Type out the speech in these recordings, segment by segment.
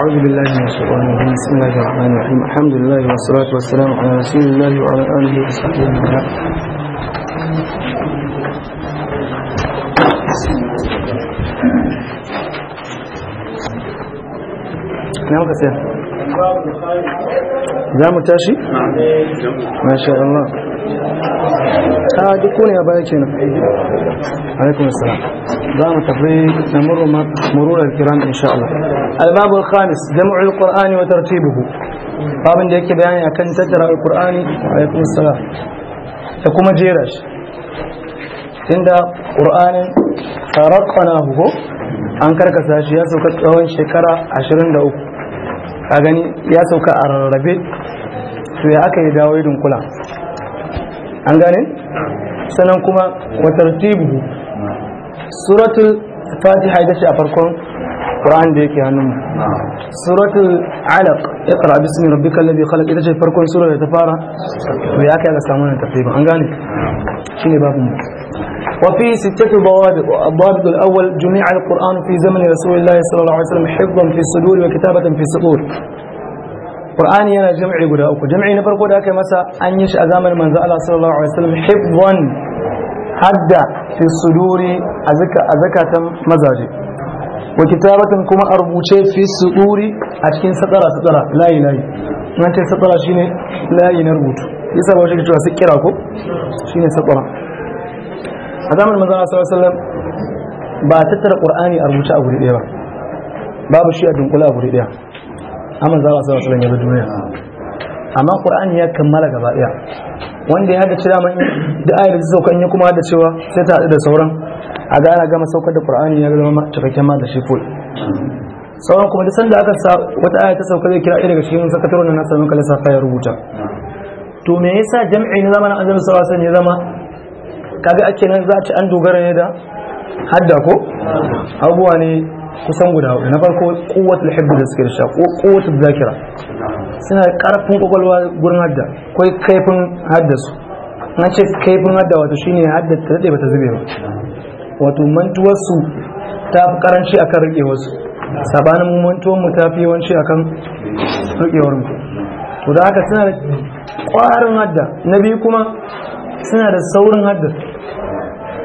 أعوذ بالله من الشيطان الرجيم بسم الله الرحمن الرحيم الحمد لله والصلاة والسلام على رسول الله وعلى آله وصحبه أجمعين نعم بس ذا نعم، متاشي ما شاء الله ها آه، دكوني يا بايكينا عليكم السلام ذا متفريق نمر مرور الكرام إن شاء الله الباب الخامس جمع القرآن وترتيبه باب da yake bayani akan tattara alqur'ani alaikum assalam da kuma jera shi tunda qur'anin tarakanahu ko an karkasa shi ya sauka tsawon shekara 23 ka gani ya sauka a rarrabe to ya aka yi dawo idin kula an gane sannan kuma wa tartibuhu suratul fatiha ita ce a farkon القرآن ديك yake نعم. سورة mu اقرأ alaq ربك الذي خلق ladhi khalaq ita سورة يتفارى وياك هذا ta تقريبا to ya kai ga وفي ستة ضوابط الضابط الأول جميع القرآن في زمن رسول الله صلى الله عليه وسلم حفظا في الصدور وكتابة في السطور القرآن ينا جمعي قد أوكو جمعي نفرق داك أكو مسا أن يش أزامن من زال صلى الله عليه وسلم حفظا حد في الصدور أزكى أزكى مزاجي wa kitabatan kuma a rubuce fi suduri a cikin sadara sadara layi layi wannan kai sadara shine layi na rubutu yasa ba shi ke cewa sai kira ko shine sadara a zamanin manzo sallallahu alaihi wasallam ba tattara qur'ani a rubuce a guri daya ba babu shi a dinkula a guri daya amma manzo sallallahu alaihi wasallam ya bi duniya amma qur'ani ya kammala gaba daya wanda ya hada cewa da ayar da sauka ya kuma hada cewa sai ta hada da sauran a ga ana gama saukar da qur'ani ya zama cikakken ma da shi ful sauran kuma da sanda aka sa wata aya ta sauka zai kira ɗaya daga cikin sakataren na nasa muka lissafa ya rubuta to me yasa jam'i na zamanin annabi sallallahu alaihi wasallam zama kaga ake nan za a ci an dogara ne da hadda ko abubuwa ne kusan guda hudu na farko kuwatul lahibu da suke da sha ko kuwatul zakira suna karfin kwakwalwa gurin hadda kai kaifin hadda su na ce kaifin hadda wato shine hadda ta dade ta zube ba wato mantuwarsu ta fi karanci a kan riƙewarsu sabanin mantuwarmu ta fi yawanci a kan riƙewarmu to da haka suna da ƙwarin hadda na biyu kuma suna da saurin hadda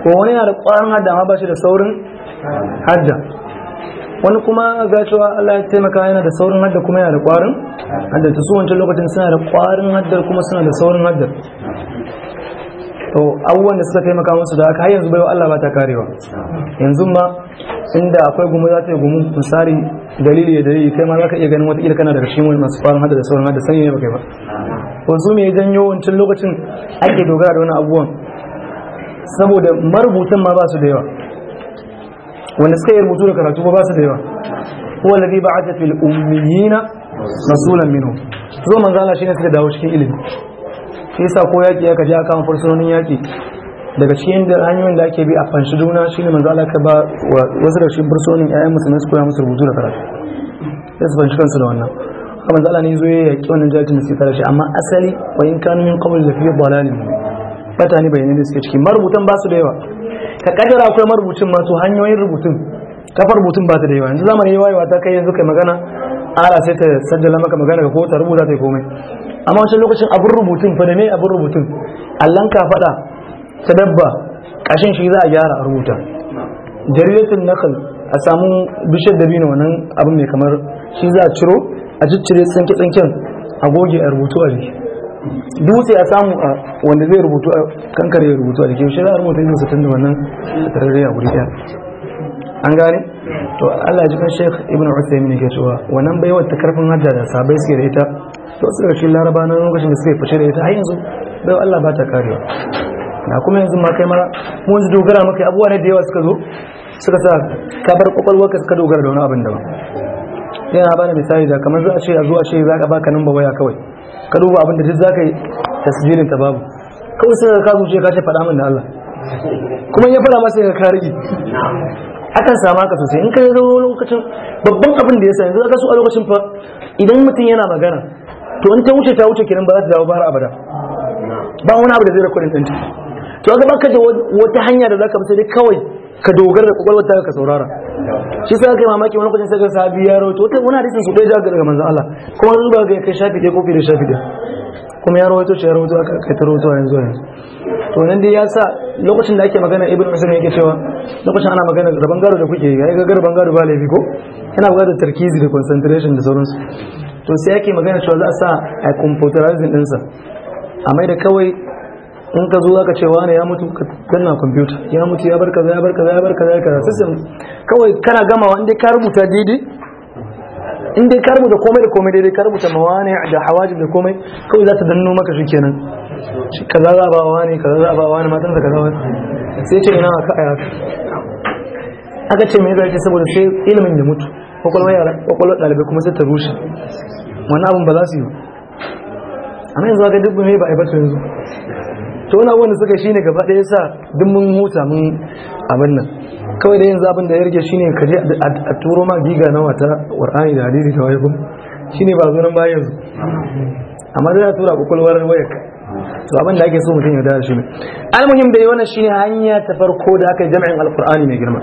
ko wani yana da ƙwarin hadda amma ba shi da saurin hadda wani kuma ga cewa Allah ya taimaka yana da saurin haddar kuma yana da ƙwarin haddar, ta su wancan lokacin suna da ƙwarin haddar kuma suna da saurin haddar to abubuwan da suka taimaka musu da aka har yanzu baiwa Allah ba ta karewa yanzu ma inda akwai gumu za ta yi gumu misali dalili ya dalili kai ma za ka iya ganin wata kana daga cikin wani masu farin hada da sauran hada sanyi ne ba kai ba wasu me janyo wancan lokacin ake dogara da wani abubuwan saboda marubutan ma ba su da yawa wanda suka yi rubutu da karatu ba su da yawa huwa ladhi ba'atha fil na sunan mino. zo manzana shi ne suka dawo cikin ilimi shi yasa ko yaki aka ja kan fursunonin yaki daga cikin da hanyoyin da ake bi a fanshi juna shine manzo Allah ka ba wasu da cikin fursunonin ayyan musulmai su koya musu rubutu da karatu sai su fanshi kansu da wannan kuma manzo Allah ne zo ya yaki wannan jahilcin da suke tare shi amma asali wa in kanu min qabl la fi dalalin bata ni bayanan da suke ciki marubutan ba su da yawa ka kaddara akwai marubucin ma to hanyoyin rubutun kafar rubutun ba ta da yawa yanzu zamani yawa ta kai yanzu kai magana ala sai ta sajjala maka magana ka ko ta rubuta ta komai amma wancan lokacin abin rubutun fa da me abin rubutun allan ka faɗa ta dabba ƙashin shi za a gyara a rubuta jariyatul nakal a samu bishiyar dabino wannan abin mai kamar shi za a ciro a ciccire tsanke-tsanken a goge a rubutu a jiki dutse a samu a wanda zai rubutu a kankare ya rubutu a jiki shi za a rubuta yin satan da wannan tarare a wuri ɗaya an gane to Allah ji kan Sheikh Ibn Uthaymeen yake cewa wannan baiwar ta karfin hajja da sabai suke da ita to su kin laraba nan lokacin da suke fice da ita har yanzu bai Allah ba ta karewa na kuma yanzu ma kai mara mu yanzu dogara maka abuwa ne da yawa suka zo suka sa ka bar kwakwalwar ka suka dogara da wani abin daban yana bani misali da kamar zuwa ce a zuwa ce za ka baka nan ba waya kawai ka duba abin da duk za ka yi tasbirin ta babu kawai sai ka kasu ce ka ce faɗa min da Allah kuma ya fara masa sai ka akan samu haka sosai in ka zo lokacin babban abin da ya sani zaka su a lokacin fa idan mutum yana magana to in ta wuce ta wuce kenan ba za ta dawo ba har abada ba wani abu da zai rekodin ɗinta to ga baka da wata hanya da zaka sai dai kawai ka dogara da kwakwalwar ka saurara shi sa kai mamaki wani sai ka sabi ya to wata wani hadisin su ɗaya jaga daga manzan Allah kuma zuwa ba ga kai shafi ɗaya kofi da shafi ɗaya kuma ya rawaito shi ya rawaito aka kai ta rawaito yanzu yanzu to nan dai ya sa lokacin da ake magana ibn usaim yake cewa lokacin ana magana rabon gado da kuke ya ga rabon gado ba laifi ko yana buƙatar tarkizi da concentration da sauransu to sai ake magana cewa za a sa a computerizing ɗinsa a mai da kawai in ka zo zaka ce wani ya mutu ka danna computer ya mutu ya barka ya barka ya barka ya barka system kawai kana gama in dai ka rubuta daidai in dai ka rubuta komai da komai daidai ka rubuta mawani da hawajib da komai kawai za ta danno maka kenan. kaza za a ba wa ne, kaza za a ba wa wani matar da kaza wani sai ce ina ka aya aka ce me zai ce saboda sai ilimin ya mutu kwakwalwar yara kwakwalwar ɗalibai kuma sai ta rushe wani abin ba za su yi amma yanzu ga duk mai ba a yi bata yanzu to wani abin da suka shine gaba ɗaya sa duk mun huta mun abin nan kawai da yanzu abin da ya rage shine ka je a turo ma giga na wata qur'ani da hadisi da wayo shine ba zo nan ba yanzu amma da tura kwakwalwar wayar to abin da ake so mutum ya da shi ne almuhim da wannan shine hanya ta farko da aka jami'in alqur'ani mai girma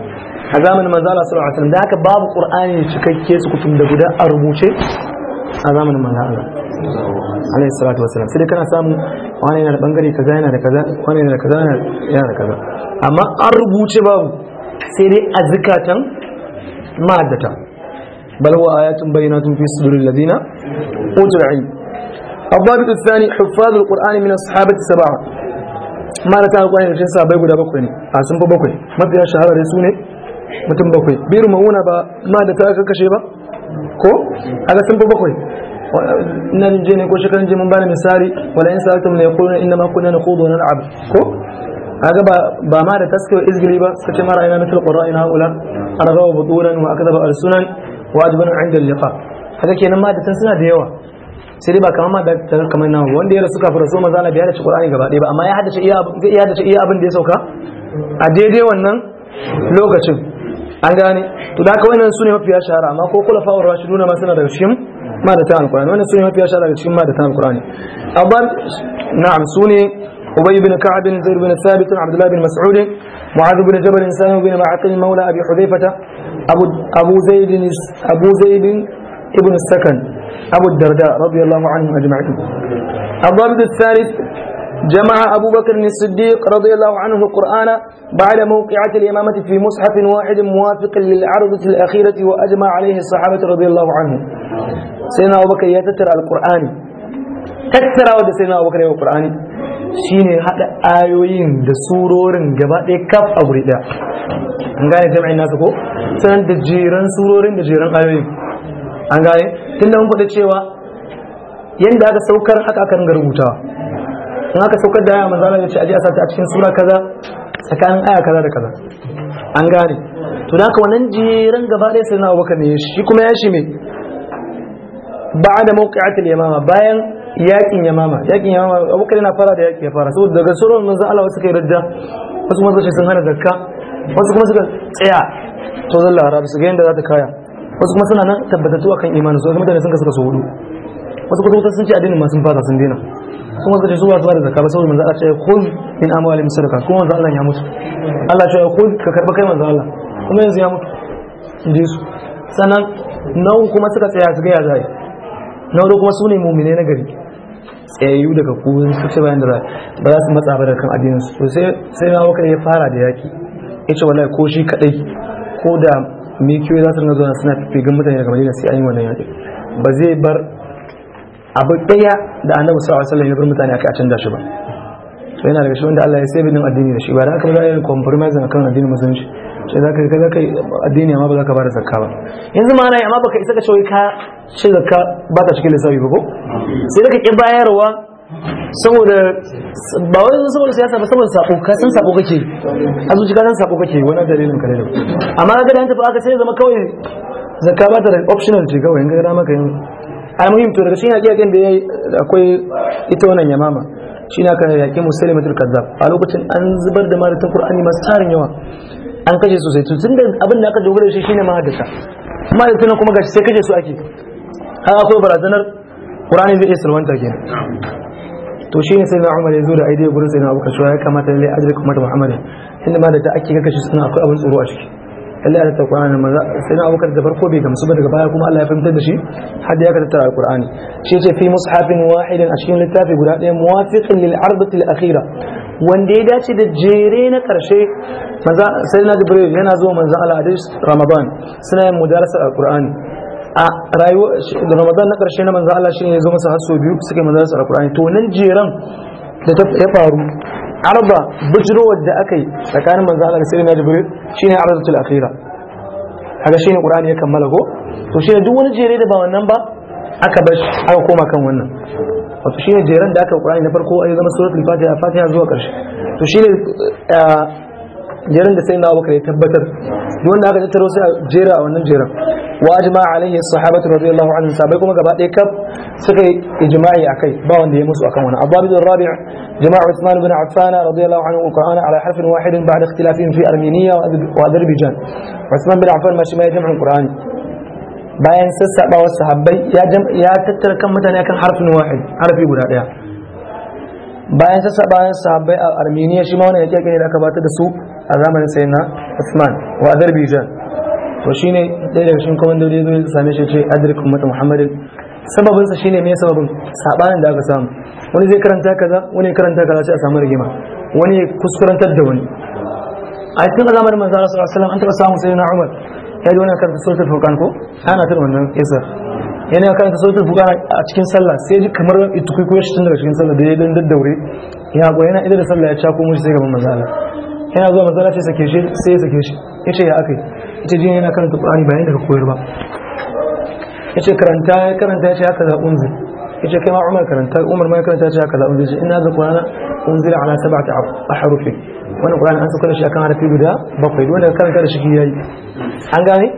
a zamanin manzo Allah sallallahu alaihi wasallam da haka babu qur'ani cikakke su kutum da guda a rubuce a zamanin manzo Allah alaihi salatu wasallam sai kana samu wani yana da bangare kaza yana da kaza wani yana da kaza yana da kaza amma an rubuce babu sai dai a zikatan ma'addata bal wa ayatun bayyinatun fi sudurin ladina utul ilm الضابط الثاني حفاظ القرآن من الصحابة السبعة ما نتعلم القرآن من الجنسة بيقول بكوي عاصم بكوي ما فيها شهارة رسوني متن بكوي بير مهونة با ما نتعلم كشيبا ko aga sun fi bakwai na je ne ko shekarun je mun bani misali wala in sa'altum la yaquluna inna ma kunna nakhudu wa nal'ab ko aga ba ba ma da taskiya izgili ba suka ce mara ina na tilqura ina ula argawa buduran wa akdaba wa kenan ma suna da yawa sai dai ba kamar da kamar nan wanda ya rasu kafin rasu manzo Allah da hadace Qur'ani gaba ɗaya ba amma ya haddace iya zai iya iya abin da ya sauka a daidai wannan lokacin an gane to da haka wannan ne mafiya shahara amma ko kula fa'ur nuna ma suna daga cikin ma da ta alqur'ani wannan ne mafiya shahara daga cikin ma da ta alqur'ani amma na'am sune أبي بن كعب زيد بن ثابت عبد Abdullahi بن مسعود معاذ بن جبل سالم bin معقل مولى أبي حذيفة أبو Ibn زيد أبو الدرداء رضي الله عنهم أجمعين الضابط الثالث جمع أبو بكر الصديق رضي الله عنه القرآن بعد موقعة الإمامة في مصحف واحد موافق للعرضة الأخيرة وأجمع عليه الصحابة رضي الله عنه سيدنا أبو بكر يتتر القرآن تتر أود سيدنا أبو بكر yau qur'ani shine hada ayoyin da surorin gaba ɗaya kaf a guri ɗaya an gane jami'in nasa an gane tunda mun faɗi cewa yadda aka saukar haka aka ringa rubuta in aka saukar da aya maza Allah ya ce aji a sata a cikin sura kaza tsakanin aya kaza da kaza an gane to da haka wannan jeran gaba ɗaya sai na Abubakar ne shi kuma ya shi me ba'da ya yamama bayan yakin yamama yakin yamama Abubakar yana fara da yaki ya fara saboda daga sauran maza Allah wasu kai radda wasu kuma sun hana zakka wasu kuma suka tsaya to zalla harabi su ga yadda za ta kaya wasu kuma suna nan tabbatattu akan imanin su wasu mutane sun kasu kaso hudu wasu kuma sun ce addinin masu fasa sun daina sun wasu da zuwa zuwa da zakka ba saboda manzo Allah ya khul min amwalihim sadaqa kuma manzo Allah ya mutu Allah ce kun ka karba kai manzo Allah kuma yanzu ya mutu inji su sannan nau kuma suka tsaya su ga ya zai nau kuma su ne mu'mine na gari tsayayyu daga kuwin su ce bayan da ba za su matsa ba da kan addinin su sai sai na waka ya fara da yaki ya ce wallahi ko shi kadai ko da mikiyoyi za su ringa zuwa suna fifigin mutane daga madina sai an yi wannan yaƙi ba zai bar abu ɗaya da annabi sallallahu alaihi wasallam ya bar mutane aka canza shi ba to yana daga shi wanda Allah ya sai bidin addini da shi ba da aka ba za a yi compromise akan addinin musulunci sai za ka yi ka yi addini amma ba za ka bada zakka ba yanzu ma yi amma baka isa ka shawai ka ce zakka ba ta cikin lissafi ba ko sai da ka ƙi bayarwa saboda ba wai saboda siyasa ba saboda sako ka san sako kake a zuci ka san sako kake wani dalilin ka dalilin amma ga an tafi aka sai zama kawai zakka ba ta da optional ce kawai ga dama ka yi muhim to daga cikin hakikan da yayi akwai ita wannan yamama shine aka yake musalimatul kazzab a lokacin an zubar da malatin qur'ani masu tarin yawa an kashe sosai tun da abin da aka dogara shi shine mahaddasa malatin kuma gashi sai kashe su ake har akwai barazanar qur'ani da iya salwanta kenan to shi ne sai na umar ya da aidai gurin sai na abokan ya kamata lalle ajiyar kuma da muhammadin inda ma da ta ake kakashi suna akwai abin tsoro a ciki lalle a tattara ƙwararren maza sai na abokan da farko bai gamsu ba daga baya kuma allah ya fahimtar da shi har da ya ka tattara alƙur'ani shi ce fi mushafin wahidin a cikin littafi guda ɗaya muwafiqin lil ardati al akhira wanda ya dace da jere na ƙarshe sai na jibril yana zuwa manzan allah a ramadan suna yin mudarasar alƙur'ani a rayuwa da ramadan na karshe na manzo Allah shine ya zo masa har sau biyu suka manzo sa alqur'ani to nan jeran da ta faru arba bujrowar da aka yi tsakanin manzo Allah da sayyidina jibril shine arzatul akhira kaga shine qur'ani ya kammala go to shine duk wani jere da ba wannan ba aka bar aka koma kan wannan wato shine jeren da aka qur'ani na farko ya zama suratul fatiha fatiha zuwa karshe to shine eh, جيران ده سيدنا ابو بكر يتبتر دون ده كان يتروس جيرا او نن جيرا واجمع عليه الصحابه رضي الله عنهم سابقا كما غبا دي كب سكي اجماعي اكاي با وند يمس اكن وانا ابو عبد الرابع جماعة عثمان بن عفان رضي الله عنه القرآن على حرف واحد بعد اختلافهم في أرمينيا وأذربيجان عثمان بن عفان ما يجمع القرآن bayan sassaɓa wasu habbai ya jam ya tattara kan mutane akan harfin wahid harfi guda ɗaya bayan sassaɓa wasu habbai a armeniya shi ma wani yaƙe a zamanin sai na Usman wa Azerbaijan to shine ɗaya daga cikin da ya zo ya same shi ce adrikum mata Muhammadin sababin sa shine meye sababin sabanin da aka samu wani zai karanta kaza wani karanta kaza sai a samu rigima wani ya kuskurantar da wani a cikin zamanin manzo Allah sallallahu alaihi wasallam an taɓa samu sai na Umar ya ji wani karanta suratul furqan ko ana tun wannan kisa yana karanta suratul furqan a cikin sallah sai ji kamar itukui ko shi tun daga cikin sallah da ya dan daddaure ya go yana idan da sallah ya cako mushi sai gaban manzo Allah yana zuwa manzo Allah sai sake shi sai sake shi yace ya akai yace jin yana karanta Qur'ani bayan daga koyar ba yace karanta ya karanta yace haka za unzi yace kai ma Umar karanta Umar ma ya karanta yace haka za unzi yace da Qur'ana unzila ala sab'ati ahrufi wannan Qur'ani an saka shi akan harafi guda bakwai wanda karanta da shi yayi an gane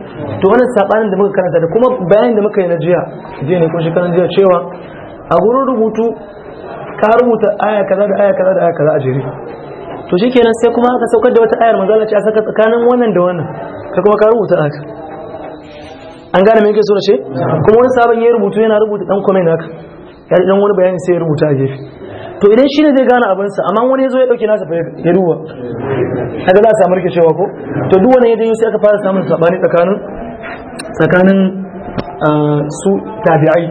to wannan sabanin da muka karanta da kuma bayanin da muka yi na jiya jiya ne kuma shi kan jiya cewa a gurin rubutu ka rubuta aya kaza da aya kaza da aya kaza a jere to shikenan sai kuma aka saukar da wata ayar manzala a saka tsakanin wannan da wannan ka kuma ka rubuta haka an gane mai yake so da shi kuma wani sabon ya rubutu yana rubuta dan comment haka ya dan wani bayani sai ya rubuta a gefe to idan shine zai gane abin sa amma wani yazo ya dauke nasa ya duba kaga za a samu rikicewa ko to duk wani ya je sai aka fara samun sabani tsakanin tsakanin ah, su tabi'ai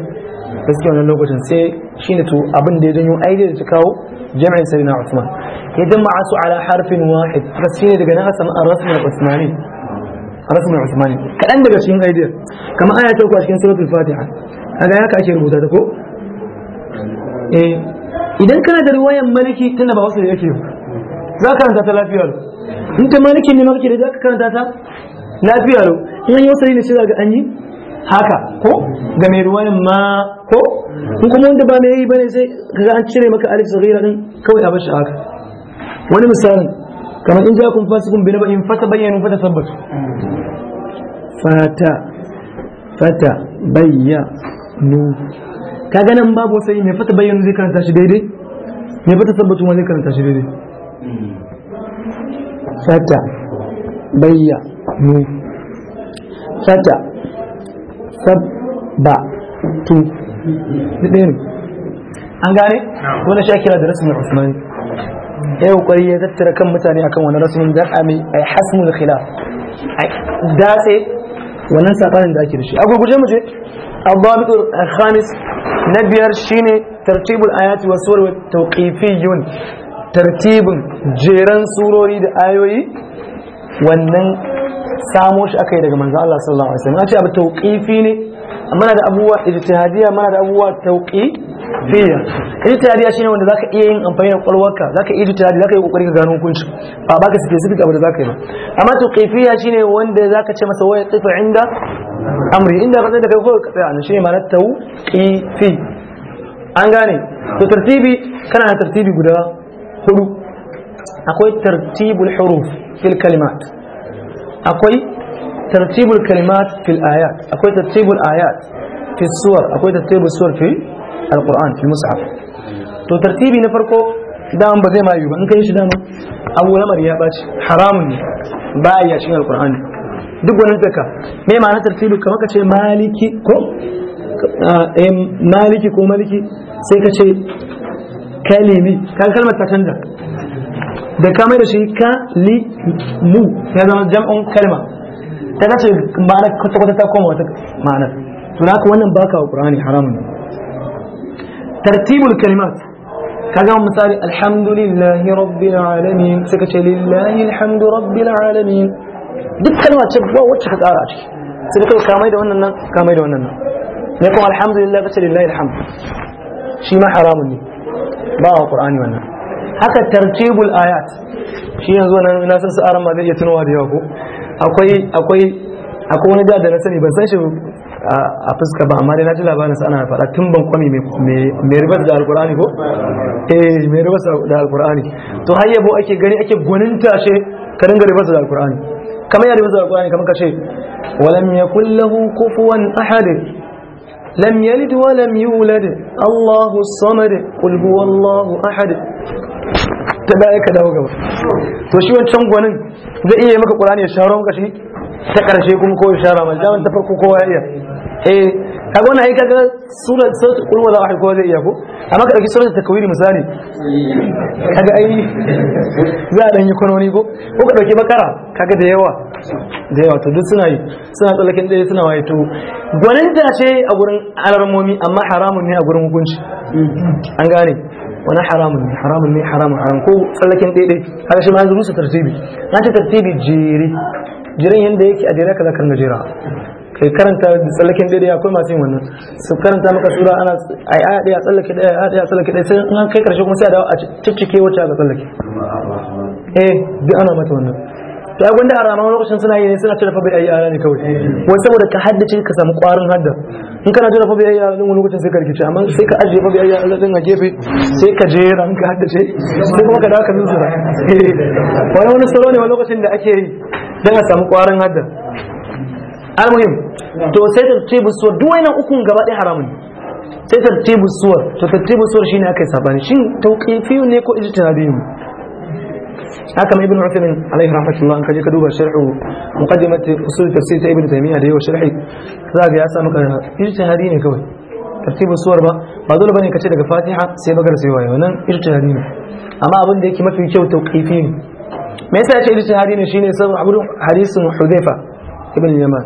suke wannan lokacin sai shine to abin da ya janyo aidai da ta kawo jami'in Sayyidina usman ya jama'a su ala harfin wahid haka shi ne daga nan asan rasmin usmani rasmin usmani kaɗan daga cikin aidiyar kama aya ta uku a cikin suratul fatiha kaga ya ka ake rubuta ta ko eh idan kana da riwayan maliki tunda ba wasu da yake za ka karanta ta lafiya in ta maliki ne ma da za ka karanta ta lafiya in an yi wasu ne shi za ga an yi haka ko ga mai ruwanin ma ko in kuma wanda ba mai yi bane sai kaga an cire maka alif saghira din kawai a bashi haka wani misalin kamar in ja kun fasikun bi in fata bayyana fata tabbatu fata fata bayyanu kaga nan babu sai mai fata bayyana zai karanta shi daidai mai fata tabbatu ma zai karanta shi daidai fata bayyana fata sabba tu ɗaya ne an gane kira da rasmin Usman, ya yi ya tattara kan mutane akan wani rasmin dan a mai a hasmul khilaf a datse wannan sabanin da ake da shi a gurguje mu je الضابط الخامس نبير شيني ترتيب الآيات والسور والتوقيفي ترتيب da ayoyi wannan samo shi aka yi daga manzon Allah sallallahu alaihi wasallam an ce abu tauqifi ne mana da abubuwa ijtihadiyya mana da abubuwa tauqifiyya ijtihadiyya shine wanda zaka iya yin amfani da kwalwarka zaka iya ijtihadi zaka yi kokari ka gano hukunci ba baka specific abu da zaka yi ba amma tauqifiyya shine wanda zaka ce masa waya tsifa inda amri inda ka da kai ko ka tsaya shine ma'anar tauqifi an gane to tartibi kana da tartibi guda hudu akwai tartibul huruf fil kalimat akwai tartibul kalimat fil ayat akwai tartibul ayat fi suwar akwai tartibul suwar fi alquran fi mus'haf to tartibi na farko dan ba zai ma yi ba in kai shi daman abu lamar ya baci haramun ne ba ya cikin duk wani zaka me ma'ana tartibi kamar ka ce maliki ko eh, eh, maliki ko maliki sai ka ce kalimi kan kalmar ta canza da ka mai da shi ka li mu ya zama jam'un kalma ta kace ma'ana kwata kwata ta koma wata ma'ana to haka wannan baka wa qur'ani haramun tartibul kalimat kaga misali alhamdulillahi rabbil alamin sai kace lillahi alhamdu rabbil alamin duk kalma ce ba wacce ka tsara a ciki sai kai ka mai da wannan nan ka mai da wannan nan ne kuma alhamdulillah kace lillahi alhamdu shi ma haramun ne ba wa qur'ani wannan haka tartibul ayat shi yanzu nan na san sa'aran ma zai iya tunowa da yawa ko akwai akwai akwai wani da na sani ban san shi a fuska ba amma dai na ji labarin sa ana faɗa tun ban kwami mai ribar da alkur'ani ko eh mai ribar da alkur'ani to har yabo ake gani ake gwaninta shi ka dinga ribar da alkur'ani kamar ya ribar da alkur'ani kamar ka ce walam yakul lahu kufuwan ahad lam yalid wa lam yulad Allahu samad qul huwallahu ahad ta baya ka dawo gaba to shi wancan gwanin zai iya maka qur'ani ya sharon maka shi ta karshe kuma ko ya shara mal daman ta farko kowa ya iya eh kaga wannan ai kaga sura sura qul wala ahad kowa zai iya ko amma ka dauki sura takwiri misali kaga ai za a dan yi kwanoni ko ko ka dauki bakara kaga da yawa da yawa to duk suna yi suna tsallakin dai suna waye to gwanin ta ce a gurin alarmomi amma haramun ne a gurin hukunci an gane wani haramun ne haramun ne haramun haram ko tsallakin ɗaiɗai haka shi ma yanzu musu tartibi na ce tartibi jere jiran yadda yake a jere kaza kan jera kai karanta tsallakin daidai akwai masu yin wannan su karanta maka sura ana a aya daya tsallake a aya daya tsallake daya sai an kai karshe kuma sai a dawo a ciccike wacce aka tsallake eh duk ana mata wannan ta gwanda a rama lokacin suna yi suna cire fabi ayi ara ne kawai wani saboda ka haddace ka samu kwarin hadda in kana cire fabi ayi ara wani lokacin sai ka rikice amma sai ka ajiye fabi ayi ara din a gefe sai ka je ranka haddace sai kuma ka dawo ka zuzura eh, wani wani salo ne wani lokacin da ake yi don a samu kwarin hadda almuhim to sai ta ce busuwa duk wannan ukun gaba ɗaya haramun sai tartibu suwar to tartibu shi ne aka yi sabani shin fiye ne ko ijtihadiyun haka ibn uthman alaihi rahmatullah kaje ka duba sharhu muqaddimat usul tafsir ta ibn Taymiyyah da yau sharhi za ga ya samu karara ijtihadi ne kawai tartibin suwar ba ba dole bane kace daga Fatiha sai magar sai waye wannan ijtihadi ne amma abin da yake mafi kyau tawqifi ne me yasa yace ijtihadi ne shine sabu abu hadisin Hudhaifa ibn Yaman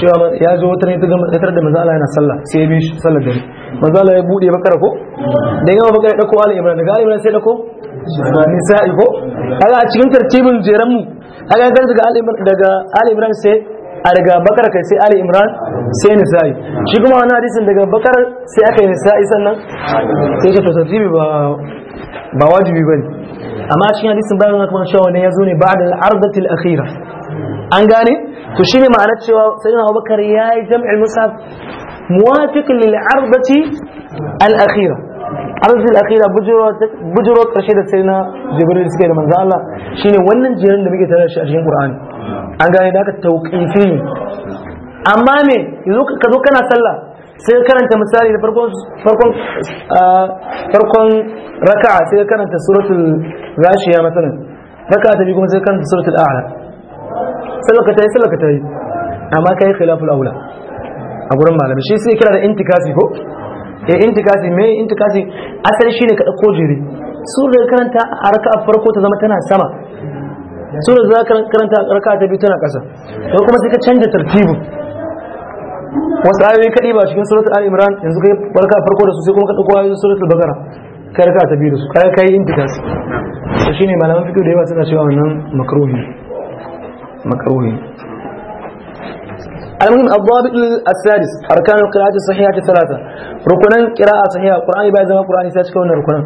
cewa ya zo wata ne ta tsatar da manzo yana sallah sai ya bi sallar dare manzo ya bude bakara ko da yawa bakara dako Ali Imran daga Ali Imran sai dako nisa'i ko kaga cikin tartibin jeran mu kaga kan daga ali daga ali imran sai a daga bakar kai sai ali imran sai nisa'i shi kuma wani hadisin daga bakar sai aka yi nisa'i sannan sai ka tartibi ba ba wajibi bane amma a cikin hadisin bayan kuma cewa ne yazo ne ba'da al-ardatil akhira an gane to shine ma'anar cewa sayyidina abubakar yayi jam'il musaf muwafiq lil ardati al-akhira arzul akhira bujiro karshe da sai na jibril suka yi da manzo Allah shine wannan jerin da muke tare shi a cikin qur'ani an gane da aka tauqifi amma me yanzu ka zo kana sallah sai ka karanta misali da farkon farkon ah, farkon raka'a sai ka karanta suratul rashiya masalan raka'a ta biyu kuma sai ka karanta suratul a'la sallah ka tayi sallah ka tayi amma kai khilaful aula a gurin malami shi sai kira da intikafi ko ya eh, intikasi me intikasi asali shine ka dauko jiri surar karanta a raka'a farko ta zama tana sama surar da karanta a raka'a ta biyu tana ƙasa to kuma sai ka canja tartibin wasu ayoyi kaɗi ba cikin suratul ali imran yanzu kai barka farko da su sai kuma ka dauko ayoyin suratul bakara kai raka'a ta biyu da su kai kai intikasi to shine malaman fiqh da yawa suna cewa wannan makruhi makruhi المهم الضابط السادس أركان القراءة الصحيحة الثلاثة ركنا قراءة صحيحة القرآن بعد ما القرآن ساتش كون ركنا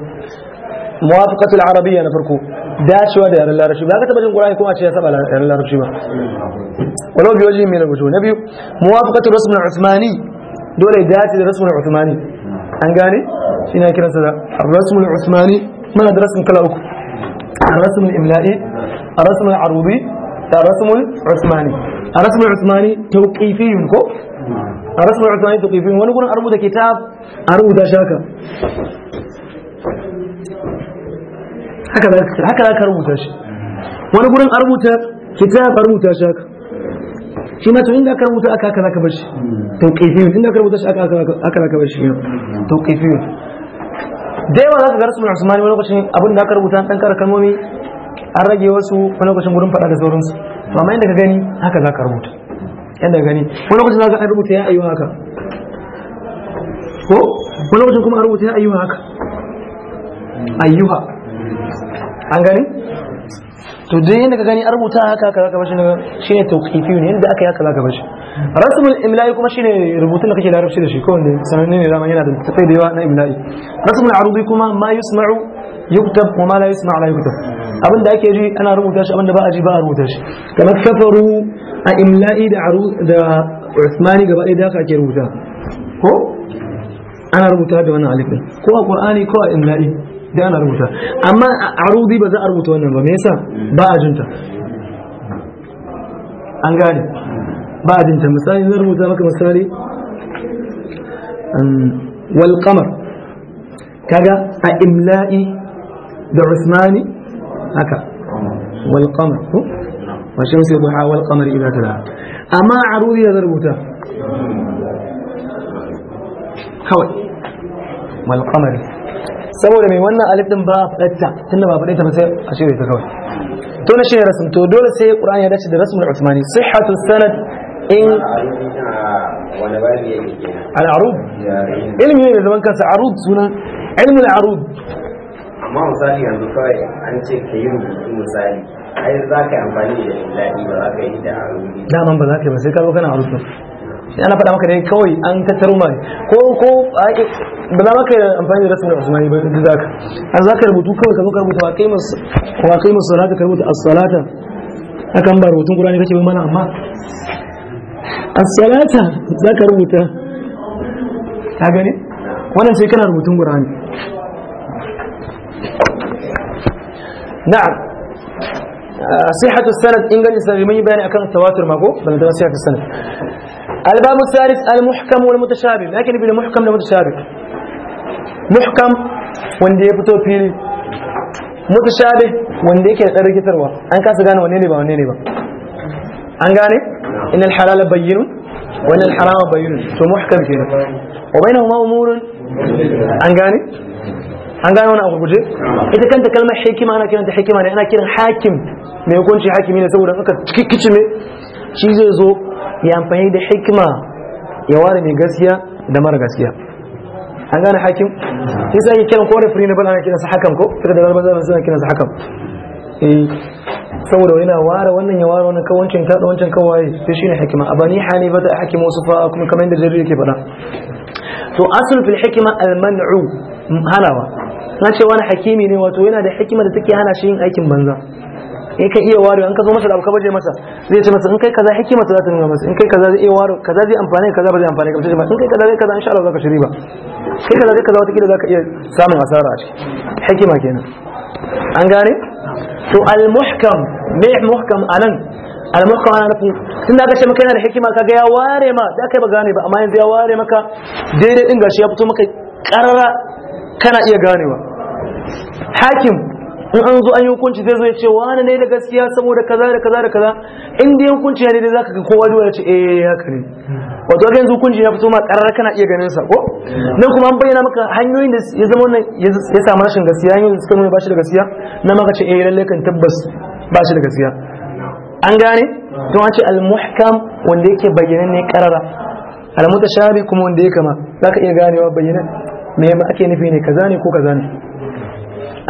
موافقة العربية نفركو داش ودا يا الله رشيب هذا تبجن القرآن يكون أشياء سبعة يا الله رشيب ولو بوجه من الوجوه نبي موافقة الرسم العثماني دولة ذات الرسم العثماني أنقاني شنو كنا سدا الرسم العثماني ما درسنا كلا الرسم الإملائي الرسم العروبي الرسم العثماني a rasmin usmani tauqifiyun ko a rasmin usmani tauqifiyun wani gurin da ke kitab arbu da shaka haka za ka rubuta shi wani gurin a ke kitab a rubuta shaka shi na to inda aka rubuta aka aka zaka bashi shi tauqifiyun inda aka rubuta shi aka aka zaka bar tauqifiyun da yawa za ka ga rasmin usmani wani lokacin abin da aka rubuta an dan kara kalmomi an rage wasu wani lokacin gurin faɗa da sauransu to amma inda ka gani haka za ka rubuta yadda ka gani wani lokacin za ka an rubuta ya ayyu haka ko wani lokacin kuma an rubuta ya ayyu haka ayyuha an gani to dai yadda ka gani an rubuta haka haka za ka bashi shine tawqifi ne yadda aka yi haka za ka bashi rasmul imla'i kuma shine rubutun da kake larabci da shi ko wanda sananne ne zama yana da tafai da yawa na imla'i rasmul arubi kuma ma yusma'u yuktab wa ma la yusma'u la yuktab abin da ake ji ana rubuta shi abin da ba a ji ba a rubuta shi kamar safaru a imla'i da da usmani gaba ɗaya da aka ke rubuta ko ana rubuta da wannan alifin ko a qur'ani ko a imla'i da ana rubuta amma rubi ba za a rubuta wannan ba me yasa ba a jinta an gane ba a jinta misali zan rubuta maka misali wal qamar kaga a imla'i da usmani هكا والقمر والشمس والضحى آه، والقمر إذا تلا أما عروض يضربوته كوي والقمر سمو لمي وانا ألف دم باب أتا تنا باب أتا مسير أشير إذا كوي تونا شيء رسم تو دولة سي قرآن يدش الرسم العثماني صحة السنة إن على عروض إيه. علم هنا إذا ما كان عروض سنة علم العروض amma misali yanzu kawai an ce ka yi rubutu misali ai za ka yi amfani da illahi ba za ka yi da arubi man ba za ka yi ba sai ka zo kana arubi shi ana faɗa maka ne kawai an tattaro ma ko ko eh, ba za maka amfani da rasul usmani ba duk zaka an za ka rubutu kawai ka zo ka rubuta wa kai musu wa kai musu salata ka rubuta as-salata akan ba rubutun qur'ani kace wai mana amma as-salata za ka rubuta ka gane wannan sai kana rubutun qur'ani نعم آه، صحة السند إن قال الإسلام يبين بياني أكان التواتر ماكو بل نتوى صحة السند الباب الثالث المحكم والمتشابه لكن يبين محكم والمتشابه محكم وندي يبتو فيلي متشابه وندي كي أرغي تروى أن كاس غان ونيني با ونيني با أن غاني إن الحلال بيين وإن الحرام بيين فمحكم كينا وبينهما أمور أن غاني an gano wani abu guje ita kanta kalmar hikima ana kiranta hikima ne ana kiran hakim mai hukunci hakimi ne saboda aka kici ne shi zai zo ya amfani da hikima ya ware mai gaskiya da mara gaskiya an gano hakim shi sai ake kiran ko referee ne bal kiran kiransa hakan ko daga daga bazan suna kiransa hakan eh saboda yana ware wannan ya ware wannan kawancin ka da wancan kawai sai shine hikima abani hanifata hakimu sufa kuma kamar yadda jariri yake faɗa to asul fil hikima al-man'u hanawa na ce wani hakimi ne wato yana da hikima da take hana shi yin aikin banza in ka iya warewa in ka zo masa da abu ka baje masa zai ce masa in kai kaza hikima za ta nuna masa in kai kaza zai iya warewa kaza zai amfani kaza ba zai amfani ka ce in kai kaza zai kaza insha Allah zaka shiri ba kai kaza zai kaza wata kila zaka iya samun asara a ciki hikima kenan an gane to al-muhkam me muhkam anan almuka ana nufin tun da gashi maka yana da hikima kaga ya ware ma da kai ba gane ba amma yanzu ya ware maka daidai din gashi ya fito maka karara kana iya ganewa hakim in an zo an yi hukunci zai zo ya ce wani ne da gaskiya saboda kaza da kaza da kaza in dai hukunci ne dai zaka ga kowa duwa ya ce eh haka ne wato ga yanzu hukunci ya fito ma karara kana iya ganin sa ko nan kuma an bayyana maka hanyoyin da ya zama wannan ya samu rashin gaskiya hanyoyin da suka nuna ba shi da gaskiya na maka ce eh lalle kan tabbas ba shi da gaskiya an gane to an ce al-muhkam wanda yake bayyana ne karara al-mutashabi kuma wanda yake ma zaka iya ganewa bayyana me ma ake nufi ne kaza ne ko kaza ne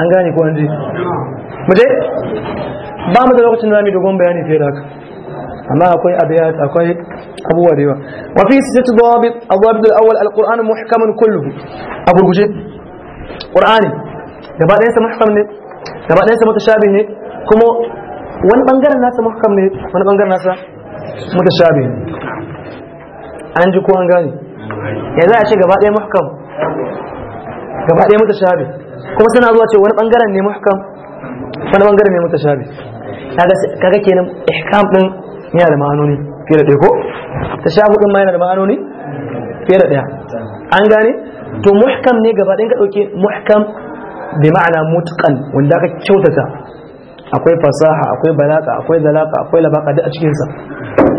an gane ko an ji mu je ba mu da lokacin da zamu dogon bayani fiye da haka amma akwai abiyat akwai abuwa da yawa wa fi sittatu dawabit ad awwal al-qur'an muhkamun kulluhu abu guje qur'ani gaba sa muhkam ne gaba sa mutashabi ne kuma wani bangaren nasa muhkam ne wani bangaren nasa mutashabi an ji ko an gane ya za a ce gaba ɗaya muhkam gaba ɗaya mutashabi kuma suna zuwa ce wani bangaren ne muhkam wani bangaren ne mutashabi kaga kenan ihkam din yana da ma'anoni fiye da ɗaya ko tashabu din ma yana da ma'anoni fiye da ɗaya an gane to muhkam ne gaba ɗaya ka ɗauke muhkam bi ma'ana mutqan wanda aka kyautata akwai fasaha akwai balaka akwai zalaka akwai labaka duk a cikin sa